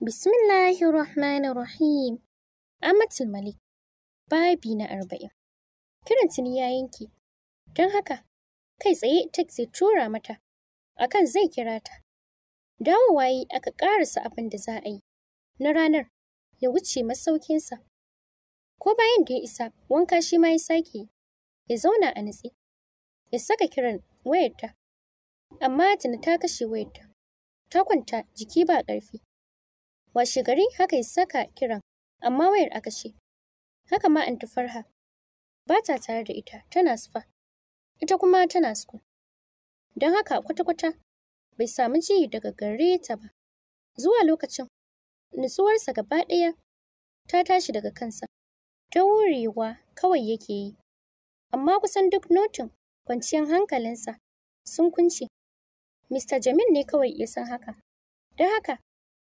Bismillahir Rahmanir Rahim. Amatul Malik. Babi na arba'in. Kiran tuni ya yanke. Don haka, kai tsaye zai tura mata. Akan zai kira ta. Dawowa yi aka karasa abin da za a yi. Na ranar, ya wuce masaukinsa. Ko bayan da ya isa, wanka shi ma ya saki Ya zauna a natse. Ya saka kiran wayarta. Amma tana ta kashe wayarta. Ta kwanta jiki ba ƙarfi. Washe gari haka ya saka kiran, amma wayar aka ce. Haka ma anti Farha ba ta tare da ita, tana sufa Ita kuma tana suku Don haka kwata-kwata bai samu ji daga gare ta ba. Zuwa lokacin, nutsuwarsa gaba ɗaya ta tashi daga kansa. Ta wurewa kawai yake yi. Amma kusan duk notin kwanciyar hankalinsa sun kunce. Mr. Jamil ne kawai ya san haka. Don haka,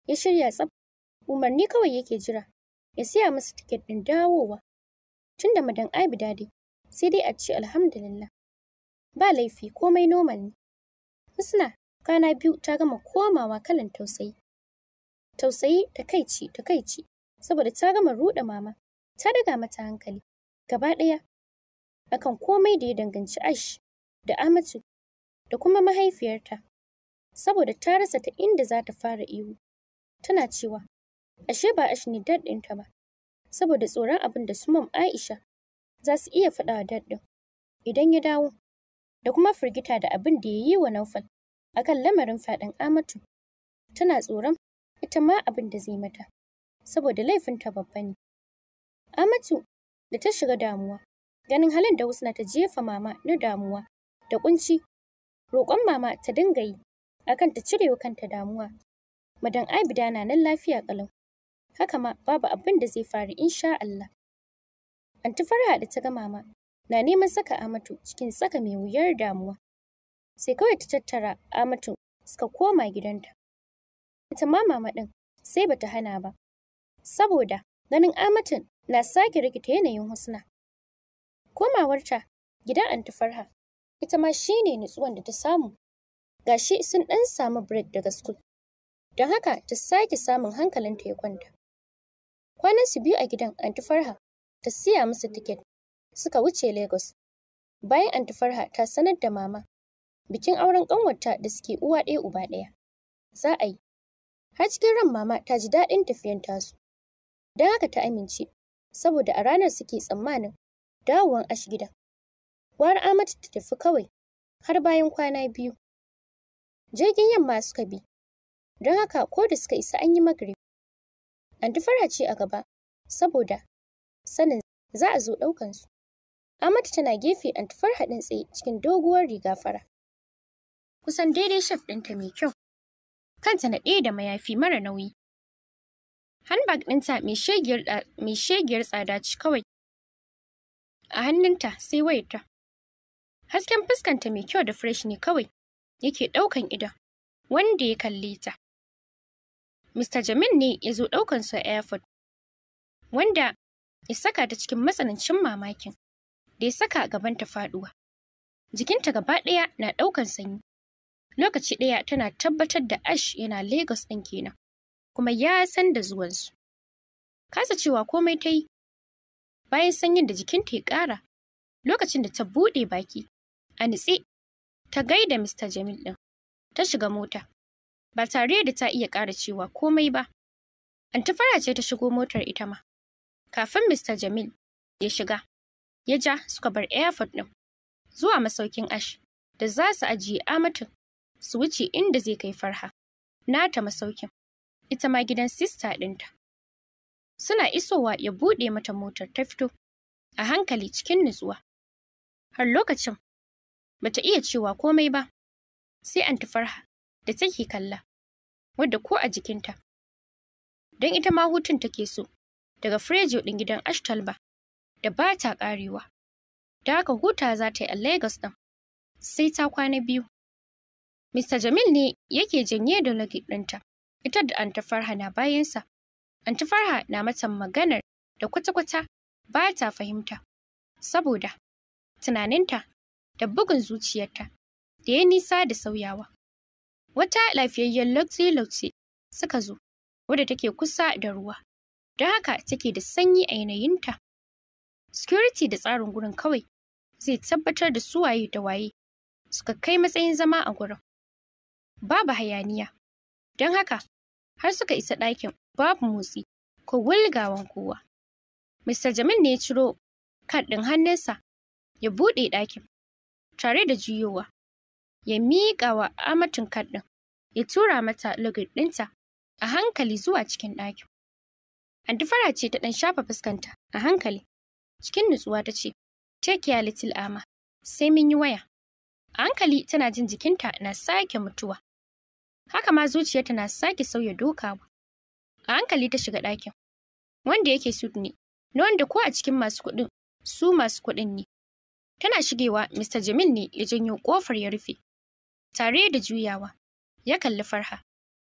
ya shirya tsaf umarni kawai yake jira ya siya masa tiket ɗin dawowa tun da madan abida dadi sai dai a ce alhamdulillah ba laifi komai noman ne usna kana biyu ta gama komawa kalan tausayi tausayi ta takaici takaici saboda ta gama ruɗa mama ta daga mata hankali gaba ɗaya akan komai da ya danganci ash da amatu da kuma mahaifiyarta saboda ta rasa ta inda za ta fara ihu Tana cewa, ashe ba Ash ne dad ɗinta ba, saboda tsoron abin da su Aisha za su iya faɗa wa dad idan ya dawo, da kuma firgita da abin da ya yi wa Naufal akan lamarin faɗin Amatu. Tana tsoron ita ma abin da zai mata, saboda laifinta babba ne. Amatu da ta shiga damuwa, ganin halin da na ta jefa mama na damuwa da kunci, roƙon mama ta dinga yi akan ta cirewa kanta damuwa Madan Abida na nan lafiya ƙalau. Haka ma babu abin da zai faru insha Allah. Anti Farha da ta ga mama na neman saka Amatu cikin tsaka mai wuyar damuwa. Sai kawai ta tattara Amatu suka koma gidanta. Ita ma mama ɗin sai bata hana ba. Saboda ganin Amatun na sake rikita yanayin Husna. Komawarta gidan Anti Farha ita ma shine nutsuwan da ta samu. Gashi sun ɗan samu break daga school. don haka ta sake samun hankalin ta ya kwanta. Kwanan su biyu a gidan Anti Farha ta siya musu tiket suka wuce Lagos. Bayan Anti Farha ta sanar da mama bikin auren ƙanwarta da suke uwa ɗaya uba ɗaya. Za a yi. Har cikin ran mama ta ji daɗin tafiyan tasu. Don haka ta amince saboda a ranar suke tsammanin dawowan ash gida. Gwara Amatu ta tafi kawai har bayan kwana biyu. Jirgin yamma suka bi Don haka ko da suka isa an yi magrib. Anti fara ce a gaba saboda sanin za a zo ɗaukan su. Amadu tana gefe anti ɗin tsaye cikin doguwar riga fara. Kusan daidai shaf ɗinta mai kyau. Kanta na ɗaya da mayafi mara nauyi. Handbag ɗinta mai shegiyar tsada ci kawai. A hannunta sai wayarta. Hasken fuskanta mai kyau da fresh ne kawai yake ɗaukan idon wanda ya kalle ta. Mr. Jamil ne ya zo ɗaukan su a airport, wanda ya saka ta cikin matsanancin mamakin da ya saka gaban ta faɗuwa. Jikinta gaba ɗaya na ɗaukan sanyi. Lokaci ɗaya tana tabbatar da Ash yana Lagos ɗin kenan, kuma ya san da zuwansu. Kasa cewa komai ta yi, bayan sanyin da jikinta ya ƙara, lokacin da ta buɗe baki, a nitse, ta gaida Mr. Jamil ɗin, ta shiga mota. ba tare da ta iya ƙara cewa komai ba. Antafara ce ta shigo motar ita ma. Kafin Mr. Jamil ya shiga, ya ja suka bar airport ɗin zuwa masaukin Ash da za su ajiye amatin su wuce inda zai kai Farha, nata masaukin, ita ma gidan sista ɗinta. Suna isowa ya buɗe mata motar ta fito, a hankali cikin nutsuwa. Har lokacin, bata iya cewa komai ba, sai antifarha Farha da take kalla wadda ko a jikinta. Don ita ma hutun take so, daga frejo ɗin gidan Ashtalba, da ba ta ƙarewa. Da haka huta za ta yi a Lagos ɗin, sai ta kwana biyu. Mista Jamil ne yake janye da lagi ɗinta, ita da Anta Farha na bayansa. Anta Farha na mata maganar da kwata-kwata ba ta fahimta, saboda tunaninta da bugun zuciyarta da ya nisa da sauyawa. wata lafiyayyen lotse-lotse suka zo wadda take kusa da ruwa don haka take da sanyi a yanayinta security da tsarin gurin kawai zai tabbatar da suwaye da waye suka kai matsayin zama a gurin babu hayaniya don haka har suka isa ɗakin babu motsi ko wulgawan kowa Mr. Jamil ne ya ciro kad ɗin hannunsa ya buɗe ɗakin tare da juyowa ya miƙa wa amatin kaɗin ya tura mata login ɗinta a hankali zuwa cikin ɗakin. Antifara ce ta ɗan shafa fuskanta a hankali. Cikin nutsuwa ta ce, Take care little ama, sai mun yi waya. A hankali tana jin jikinta na sake mutuwa. Haka ma zuciyarta na sake sauya dokawa. A hankali ta shiga ɗakin. Wanda yake suit ne, na wanda ko a cikin masu kuɗin, su masu kuɗin ne. Tana shigewa, Mr. Jamil ne ya janyo ƙofar ya rufe, tare da juyawa. ya kalli Farha.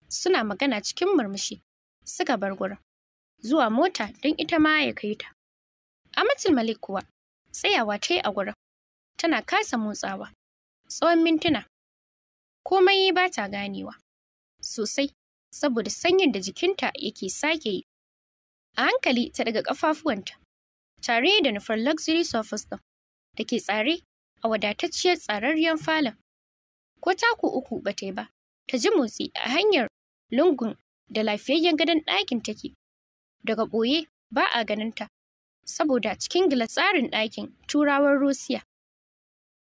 Suna magana cikin murmushi. Suka bar gurin. Zuwa mota don ita ma ya kai ta. Amatul Malik kuwa tsayawa ta yi a gurin. Tana kasa motsawa. Tsawon mintuna. Komai ba ta ganewa. Sosai saboda sanyin da jikinta yake sake yi. A hankali ta daga ƙafafuwanta, tare da nufar luxury surface ɗin da ke tsare a wadatacciyar tsararriyar falon. Ko taku uku ba ta yi ba, ta ji motsi a hanyar lungun da lafiyayyen gadon ɗakin take. Daga ɓoye ba a ta, saboda cikin gilas tsarin ɗakin turawan Rusiya.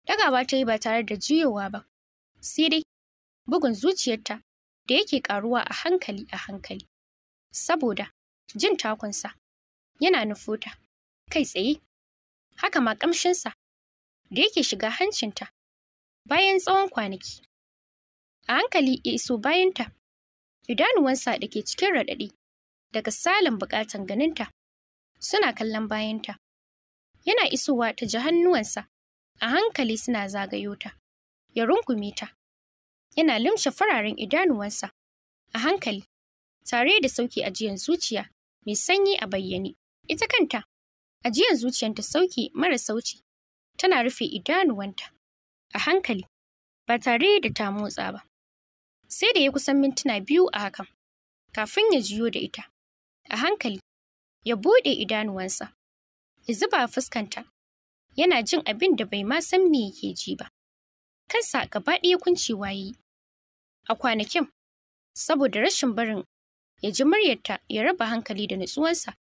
Ɗagawa ta yi ba tare da juyowa ba, sai dai bugun zuciyarta da yake ƙaruwa a hankali a hankali, saboda jin takunsa yana nufota kai tsaye, haka ma ƙamshinsa da yake shiga hancinta bayan tsawon kwanaki. A hankali ya iso bayanta. Idanuwansa da ke cikin raɗaɗi, daga salin buƙatan ganinta, suna kallon bayanta. Yana isowa ta ji hannuwansa, a hankali suna zagayota ta, ya rungume ta. Yana limshe fararen idanuwansa, a hankali, tare da sauki ajiyan zuciya mai sanyi a bayyane. Ita kanta, ajiyan zuciyanta sauki mara sauci, tana rufe idanuwanta a hankali ba tare da ta motsa ba. Sai da ya kusan mintuna biyu a hakan, kafin ya jiyo da ita. A hankali, ya buɗe idanuwansa, ya zuba fuskanta, yana jin abin da bai ma san me yake ji ba. Kansa gaba ɗaya kuncewa yi. A kwanakin, saboda rashin barin ya ji muryarta ya raba hankali da nutsuwansa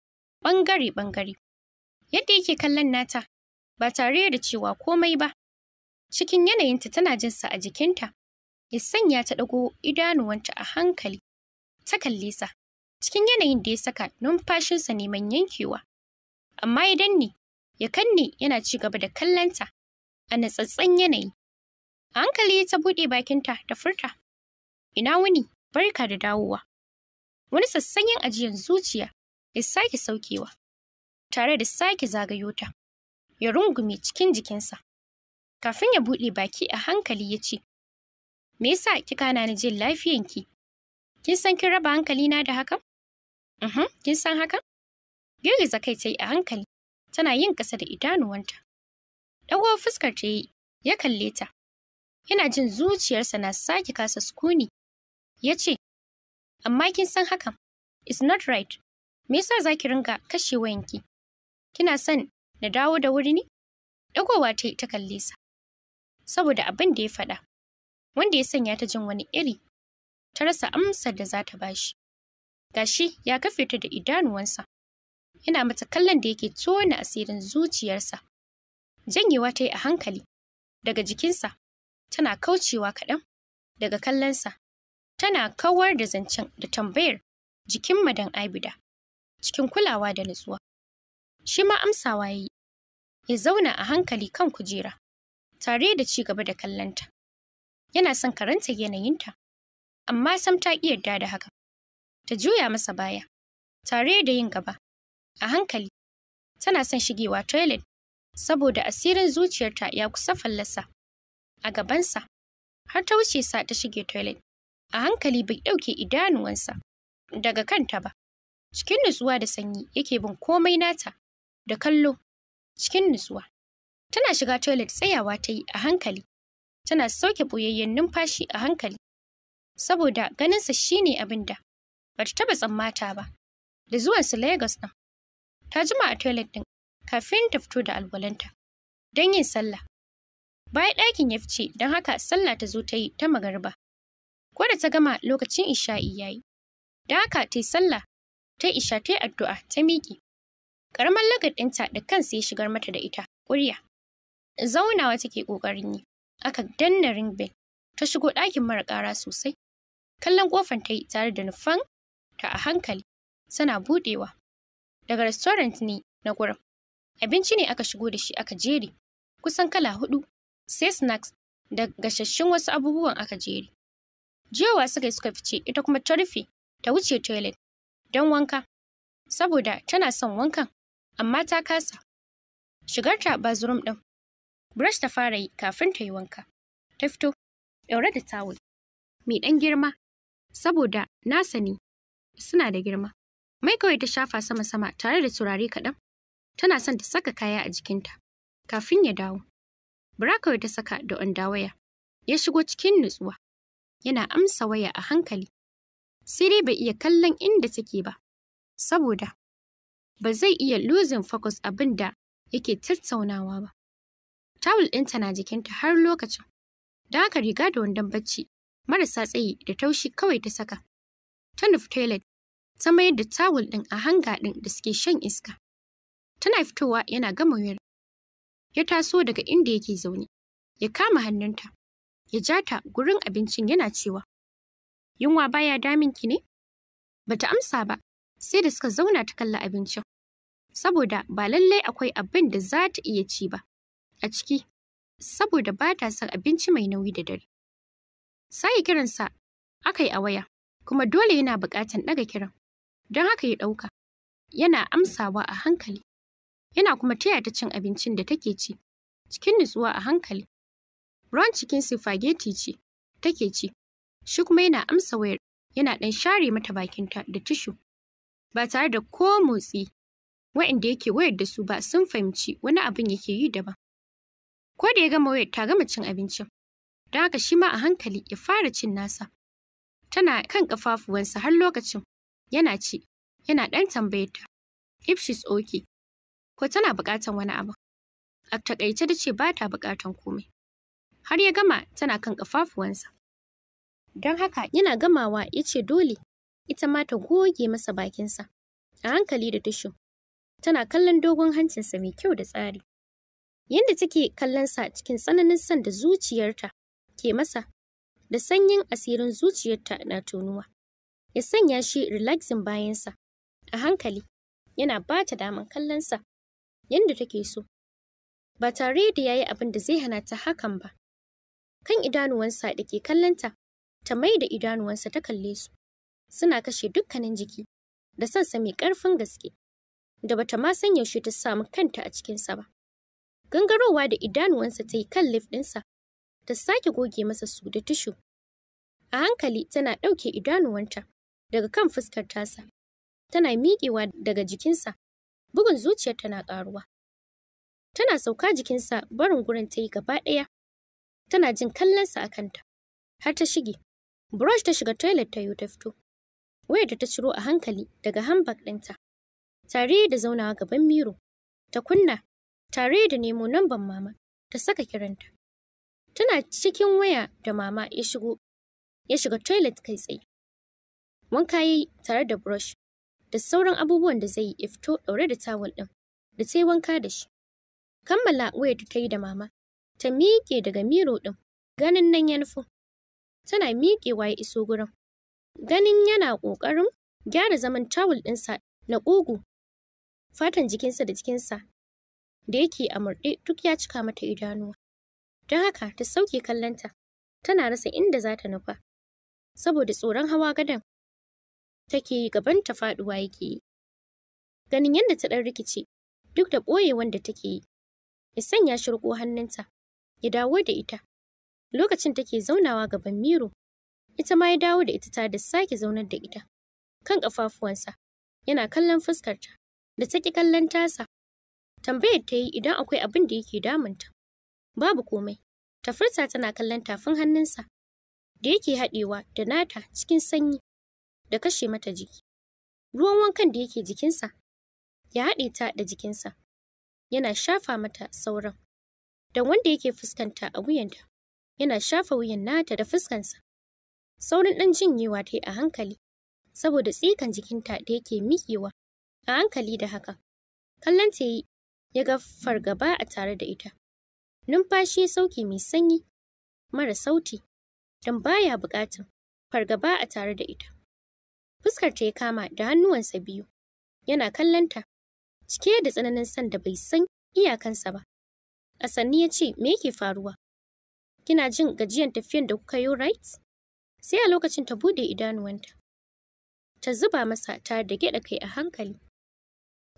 ɓangare-ɓangare. Yadda yake kallon nata, ba tare da cewa komai ba, cikin yanayinta tana jinsa a jikinta, ya sanya ta ɗago idanuwanta a hankali ta kalle sa cikin yanayin da ya saka numfashinsa neman yankewa amma idan ne ya kanne yana ci gaba da kallonta a natsatsen yanayi a hankali ta buɗe bakinta da furta ina wuni barka da dawowa wani sassanyen ajiyar zuciya ya sake saukewa tare da sake zagayota, ya rungume cikin jikinsa kafin ya buɗe baki a hankali ya ce Me yasa kika hana ni jin lafiyanki? Kin san kin raba hankalina da hakan? Mhm, kin san hakan? Girgiza kai ta yi a hankali, tana yin ƙasa da idanuwanta. Ɗago fuskar ta yi, ya kalle ta. Yana jin zuciyarsa na sake kasa sukuni. Ya ce, Amma kin san hakan, it's not right. Me yasa za ki ringa kashe wayanki? Kina son na dawo da wuri ne? Ɗagowa ta yi ta kalle sa, saboda abin da ya faɗa. wanda ya sanya ta jin wani iri. Ta rasa amsar da za ta bashi. Gashi ya kafe ta da idanuwansa. Yana mata kallon da yake tona asirin zuciyarsa. Janyewa ta yi a hankali daga jikinsa, tana kaucewa kaɗan daga kallonsa. Tana kawar da zancen da tambayar jikin madan Abida cikin kulawa da nutsuwa. Shi ma amsawa ya yi, ya zauna a hankali kan kujera, tare da ci gaba da kallonta. yana son karanta yanayinta. Amma sam ta ƙi yarda da haka. Ta juya masa baya, tare da yin gaba, a hankali. Tana son shigewa toilet, saboda asirin zuciyarta ya kusa fallasa. A gabansa, har ta wuce sa ta shige toilet. A hankali bai ɗauke idanuwansa daga kanta ba. Cikin nutsuwa da sanyi yake bin komai nata da kallo cikin nutsuwa. Tana shiga toilet tsayawa ta yi a hankali. tana sauke ɓoyayyen numfashi a hankali. Saboda ganinsa shine ne abin da ba ta taɓa tsammata ba. Da zuwansu Lagos din. ta jima a toilet ɗin kafin ta fito da alwalanta don yin sallah. Bayan ɗakin ya fice don haka sallah ta zo ta yi ta magarba. Ko da ta gama lokacin isha'i ya yi, don haka ta yi sallah, ta yi isha ta yi addu'a ta miƙe. Ƙaramar lagar ɗinta da kansa ya shigar mata da ita, ƙurya. Zaunawa take ƙoƙarin yi. aka danna ring bell ta shigo ɗakin mara ƙara sosai kallon ƙofar ta yi tare da nufan ta a hankali sana buɗewa daga restaurant ne na gurin abinci ne aka shigo da shi aka jere kusan kala hudu sai snacks da gashashshun wasu abubuwan aka jere Jiyawa suka suka fice ita kuma ta rufe ta wuce toilet don wanka saboda tana son wankan amma ta kasa shigarta bathroom ɗin Brush ta fara yi kafin ta yi wanka. Ta fito, ɗaure da tawul. Mai ɗan girma, saboda na sani suna da girma. Mai kawai ta shafa sama-sama tare da turare kaɗan. Tana son ta saka kaya a jikinta, kafin ya dawo. Bura kawai ta saka da waya. Ya shigo cikin nutsuwa. Yana amsa waya a hankali. Sai dai bai iya kallon inda take ba, saboda ba zai iya losing focus abin da yake tattaunawa ba. tawul ɗinta na jikinta har lokacin. da haka riga da wandon bacci marasa tsayi da taushi kawai ta saka. Ta nufi toilet, ta mayar da tawul ɗin a hanga ɗin da suke shan iska. Tana fitowa yana gama wuyar. Ya taso daga inda yake zaune, ya kama hannunta, ya ja ta gurin abincin yana cewa, Yunwa baya daminki ne? Ba ta amsa ba, sai da suka zauna ta kalla abincin. Saboda ba lallai akwai abin da za ta iya ci ba. a ciki saboda ba ta son abinci mai nauyi da dare. Sai kiransa aka yi a waya, kuma dole yana buƙatar ɗaga kiran, don haka ya ɗauka. Yana amsawa a hankali, yana kuma taya ta cin abincin da take ci, cikin nutsuwa a hankali. Ruwan cikin sifageti ce, take ci, shi kuma yana amsa wayar, yana ɗan share mata bakinta da tishu, ba tare da ko motsi wa'inda yake wayar da su ba sun fahimci wani abin yake yi daban. Ko da ya gama wayar ta gama cin abincin, don haka shi ma a hankali ya fara cin nasa. Tana kan kafafuwansa har lokacin, yana ci, yana ɗan tambayar ta, if she's okay, ko tana buƙatar wani abu. A taƙaice ta ce ba ta buƙatar komai. Har ya gama tana kan kafafuwansa. Don haka yana gamawa ya ce dole ita ma ta goge masa bakinsa a hankali da tushe. Tana kallon dogon hancinsa mai kyau da tsari. yadda take kallonsa cikin tsananin son da zuciyarta ke masa da sanyin asirin zuciyarta na tonuwa ya sanya shi relaxing bayansa a hankali yana ba ta daman kallonsa yadda take so ba tare da ya yi abin da zai hana ta hakan ba kan idanuwansa da ke kallonta ta mai da idanuwansa ta kalle su suna kashe dukkanin jiki da sansa mai ƙarfin gaske da bata ma san yaushe ta samu kanta a cikinsa ba gangarowa da idanuwansa ta yi kan lif ɗinsa ta sake goge masa su da tishu. A hankali tana ɗauke idanuwanta daga kan fuskar tasa, tana miƙewa daga jikinsa, bugun zuciyar tana ƙaruwa. Tana sauka jikinsa barin gurin ta yi gaba ɗaya, tana jin kallonsa a kanta, har ta shige. Brush ta shiga toilet ta yi ta fito. Wayar da ta ciro a hankali daga handbag ɗinta, tare da zaunawa gaban miro, ta kunna tare da nemo namban mama ta saka kiranta. Tana cikin waya da mama ya shigo, ya shiga toilet kai tsaye. Wanka ya yi tare da brush da sauran abubuwan da zai yi ya fito ɗaure da tawul ɗin da ta wanka da shi. Kammala wayar ta yi da mama, ta miƙe daga miro ɗin, ganin nan ya nufo. Tana miƙewa ya iso gurin. Ganin yana ƙoƙarin gyara zaman tawul ɗinsa na ƙugu. Fatan jikinsa da jikinsa da yake a murɗe duk ya cika mata idanuwa. Don haka ta sauke kallonta, tana rasa inda za ta nufa. Saboda tsoron hawa gadon take yi gaban ta faɗuwa yake yi. Ganin yadda ta ɗan rikice, duk da ɓoye wanda take yi, Ya sanya shirko hannunta, ya dawo da ita. Lokacin take zaunawa gaban Miro, ita ma ya dawo da ita ta da sake zaunar da ita. Kan ƙafafuwansa, yana kallon fuskarta, da ta ƙi kallon tasa, Tambayar ta yi idan akwai abin da yake damunta. Babu komai. Ta tana kallon tafin hannunsa da yake haɗewa da nata cikin sanyi da kashe mata jiki. Ruwan wankan da yake jikinsa ya haɗe ta da jikinsa. Yana shafa mata sauran. Da wanda yake fuskanta a wuyanta yana shafa wuyan nata da fuskansa. Saurin ɗan jinyewa ta yi a hankali saboda tsikan jikinta da yake miƙewa a hankali da haka. Kallon ta yi ya ga fargaba a tare da ita. Numfashi ya sauke mai sanyi, mara sauti, don baya buƙatan fargaba a tare da ita. Fuskar ta ya kama da hannuwansa biyu, yana kallonta, cike da tsananin sanda da bai san iyakansa ba. A sanni ya ce, me yake faruwa? Kina jin gajiyan tafiyan da kuka yi right? Sai a lokacin ta bude idanuwanta. Ta zuba masa tare da gyaɗa kai a hankali.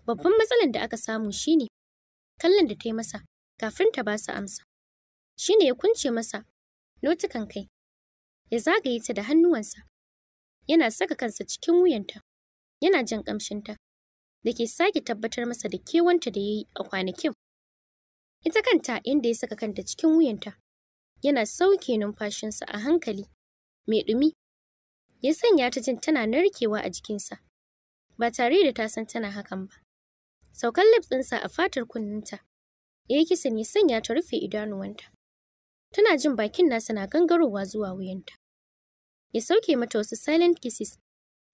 Babban matsalar da aka samu shine kallon da ta yi masa kafin ta ba su amsa. Shi ne ya kunce masa notukan kai, ya zagaye ta da hannuwansa, yana saka kansa cikin wuyanta, yana jan ƙamshinta, da ke sake tabbatar masa da kewanta da ya yi a kwanakin. Ita kanta inda ya saka kanta cikin wuyanta, yana sauke numfashinsa a hankali, mai ɗumi, ya sanya ta jin tana narkewa a jikinsa, ba tare da ta san tana hakan ba. saukan lipsinsa ɗinsa a fatar kunninta. Ya yi kisan ya sanya ta rufe idanuwanta. Tana jin bakin nasa na gangarowa zuwa wuyanta. Ya sauke mata wasu silent kisses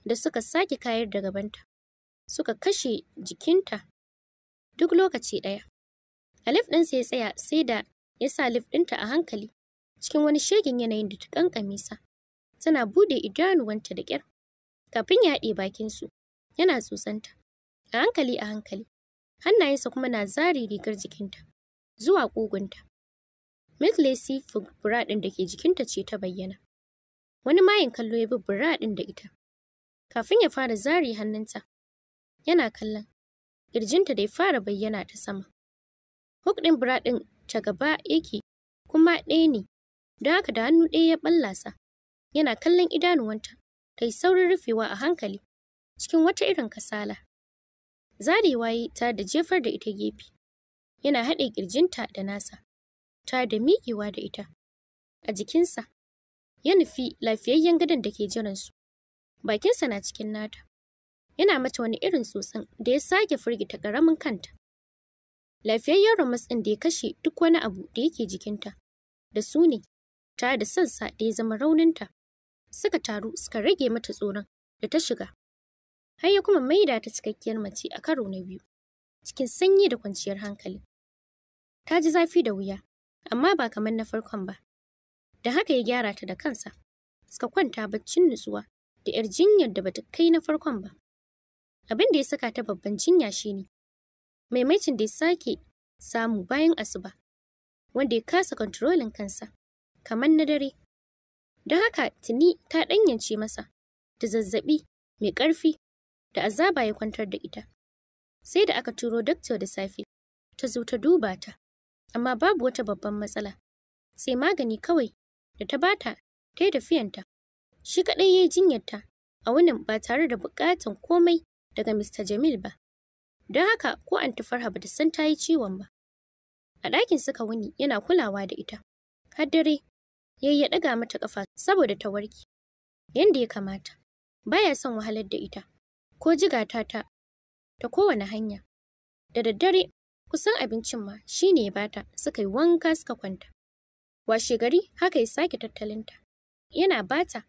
da suka sake kayar da gabanta. Suka kashe jikinta duk lokaci ɗaya. Alif ɗinsa ya tsaya sai da ya sa lif ɗinta a hankali cikin wani shegin yanayin da ta ƙanƙame sa. Tana bude idanuwanta da ƙyar. Kafin ya haɗe bakinsu, yana tsusanta. A hankali a hankali, hannayensa kuma na zari rigar jikinta zuwa ƙugunta. Milk Lacey fura da ke jikinta ce ta bayyana. Wani mayin kallo ya bi bura da ita. Kafin ya fara zare hannunta, yana kallon. Ƙirjinta da ya fara bayyana ta sama. Hook ɗin bura ta gaba yake kuma ɗaya ne, don haka da hannu ɗaya ya ɓallasa. Yana kallon idanuwanta, ta yi saurin rufewa a hankali, cikin wata irin kasala. zarewa ya ta da jefar da ita gefe. Yana haɗe ƙirjinta da nasa, ta da miƙewa da ita. A jikinsa, ya nufi lafiyayyen gadon da ke jiransu. Bakinsa na cikin nata. Yana mata wani irin tsotsin da ya sake firgita ƙaramin kanta. Lafiyayyen ramas ɗin da ya kashe duk wani abu da yake jikinta, da su ne, ta da sansa da ya zama rauninta. Suka taru suka rage mata tsoron da ta shiga. har ya kuma maida ta cikakkiyar mace a karo na biyu, cikin sanyi da kwanciyar hankali. Ta ji zafi da wuya, amma ba kamar na farkon ba. Da haka ya gyara ta da kansa, suka kwanta baccin nutsuwa da ‘yar jinyar da bata kai na farkon ba. Abin da ya saka ta babban jinya shine maimaicin da ya sake samu bayan asuba, wanda ya kasa kontrolin kansa, kamar na dare. Da haka tuni ta ɗanyance masa da zazzaɓi mai ƙarfi da azaba ya kwantar da ita. Sai da aka turo dakto da safe, ta zo ta duba ta, amma babu wata babban matsala. Sai magani kawai da ta bata ta yi tafiyanta. Shi kaɗai ya yi jinyarta a wunin ba tare da buƙatan komai daga Mr. Jamil ba. Don haka ko ta Farha ba ta san ta yi ciwon ba. A ɗakin suka wuni yana kulawa da ita. Har dare, yi ya ɗaga mata ƙafa saboda ta warke. Yanda ya kamata, baya son wahalar da ita. ko jigata ta ta kowane hanya. Da daddare kusan abincin ma shi ne ya bata suka yi wanka suka kwanta. Washe gari haka ya sake tattalinta. Yana bata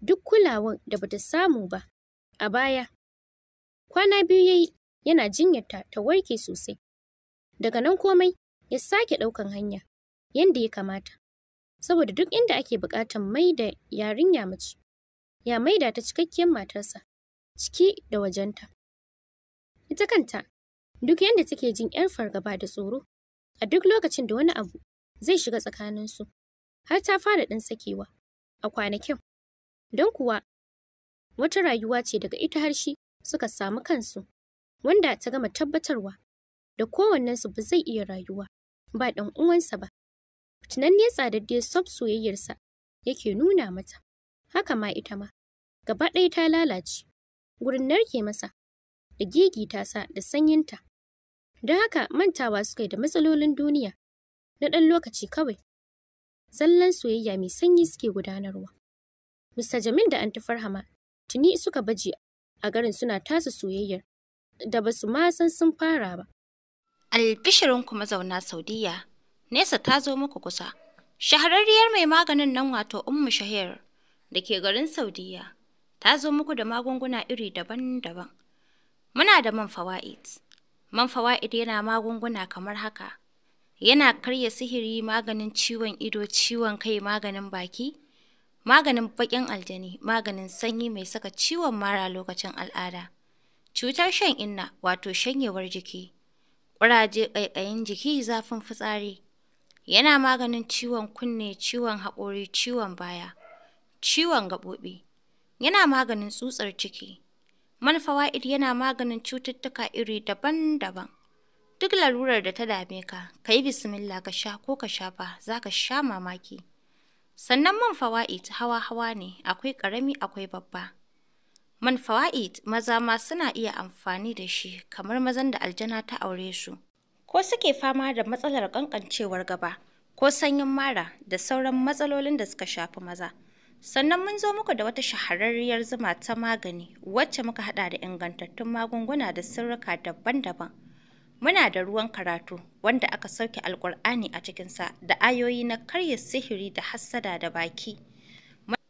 duk kulawan da bata samu ba a baya. Kwana biyu ya yi yana jinyarta ta warke sosai. Daga nan komai ya sake ɗaukan hanya yadda ya kamata. Saboda duk inda ake buƙatar mai da yarinya mace, ya maida ta cikakkiyar matarsa ciki da wajenta. Ita kanta, duk yadda take jin ‘yar fargaba da tsoro, a duk lokacin da wani abu zai shiga tsakaninsu, har ta fara ɗan sakewa a kwanakin. Don kuwa, wata rayuwa ce daga ita har shi suka samu kansu, wanda ta gama tabbatarwa da kowannensu ba zai iya rayuwa ba ɗan uwansa ba. Tunanne tsadadde sob soyayyarsa yake nuna mata, haka ma ita ma, gaba ɗaya ta lalace. gurin narke masa da ta sa da sanyinta. Don haka mantawa suka yi da matsalolin duniya na ɗan lokaci kawai. Zallan soyayya mai sanyi suke gudanarwa. Mr. Jamil da Anti Farhama tuni suka baje a garin suna tasa soyayyar da ba su ma san sun fara ba. kuma mazauna Saudiya, Nesa ta zo muku kusa. Shahararriyar mai maganin nan wato Ummu Shahir da ke garin Saudiya ta zo muku da magunguna iri daban-daban. Muna da man fawa'id. Man fawa'id yana magunguna kamar haka. Yana karya sihiri, maganin ciwon ido, ciwon kai, maganin baki, maganin baƙin aljani, maganin sanyi mai saka ciwon mara lokacin al'ada. Cutar shan inna, wato shanyewar jiki. Ƙuraje, ƙaiƙayin jiki, zafin fitsari. Yana maganin ciwon kunne, ciwon haƙori, ciwon baya, ciwon gaɓoɓi. Yana maganin tsutsar ciki. Man fawa'id yana maganin cututtuka iri daban-daban. Duk lalurar da ta dame ka, ka yi bismillah ka sha ko ka sha fa, za ka sha mamaki. Sannan man fawa'id hawa-hawa ne, akwai ƙarami akwai babba. Man fawa'id maza ma suna iya amfani da shi kamar mazan da aljana ta aure su. Ko suke fama da matsalar ƙanƙancewar gaba, ko sanyin mara da sauran matsalolin da suka shafi maza. Sannan mun zo muku da wata shahararriyar zuma ta magani wacce muka haɗa da ingantattun magunguna da sirrika daban-daban. Muna da ruwan karatu wanda aka sauke alkur'ani a cikinsa da ayoyi na karya sihiri da hassada da baki.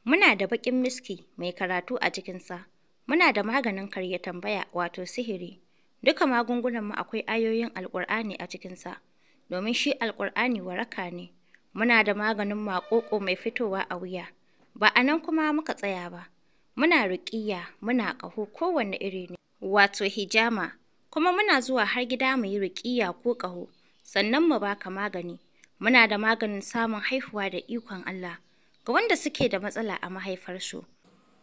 Muna da baƙin miski mai karatu a cikinsa. Muna da maganin karya tambaya wato sihiri. Duka magungunan magungunanmu akwai ayoyin alkur'ani a cikinsa. Domin shi alkur'ani waraka ne. Muna da maganin maƙoƙo mai fitowa a wuya. Ba a nan kuma muka tsaya ba, muna rukiya muna ƙaho kowanne iri ne, wato hijama, kuma muna zuwa har gida mu yi rukiya ko ƙaho, sannan mu baka magani. Muna da maganin samun haihuwa da ikon Allah ga wanda suke da matsala a mahaifarsu.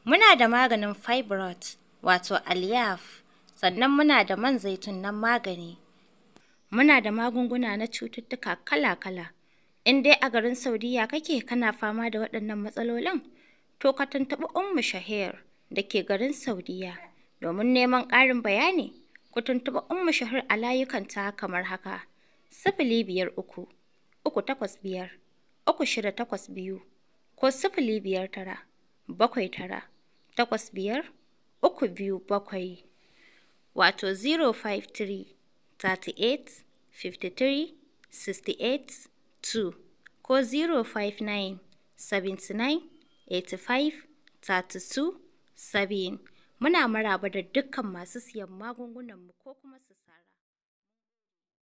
Muna da maganin fibroid, wato aliyaf, sannan muna da man zaitun nan magani. Muna da magunguna na cututtuka kala-kala. In dai a garin Saudiyya kake kana fama da waɗannan matsalolin, to ka tuntuɓi Ummu Shahir da ke garin saudiya domin neman ƙarin bayani. Ku tuntuɓi Ummu Shahir a layukanta kamar haka: sifili biyar uku, uku takwas biyar, uku shida takwas biyu, ko sifili biyar tara, bakwai tara, takwas biyar, uku biyu bakwai, wato 053 38 53 68 2 ko 059 79 85 32 70. Muna maraba da dukkan masu siyan magungunan mu ko kuma su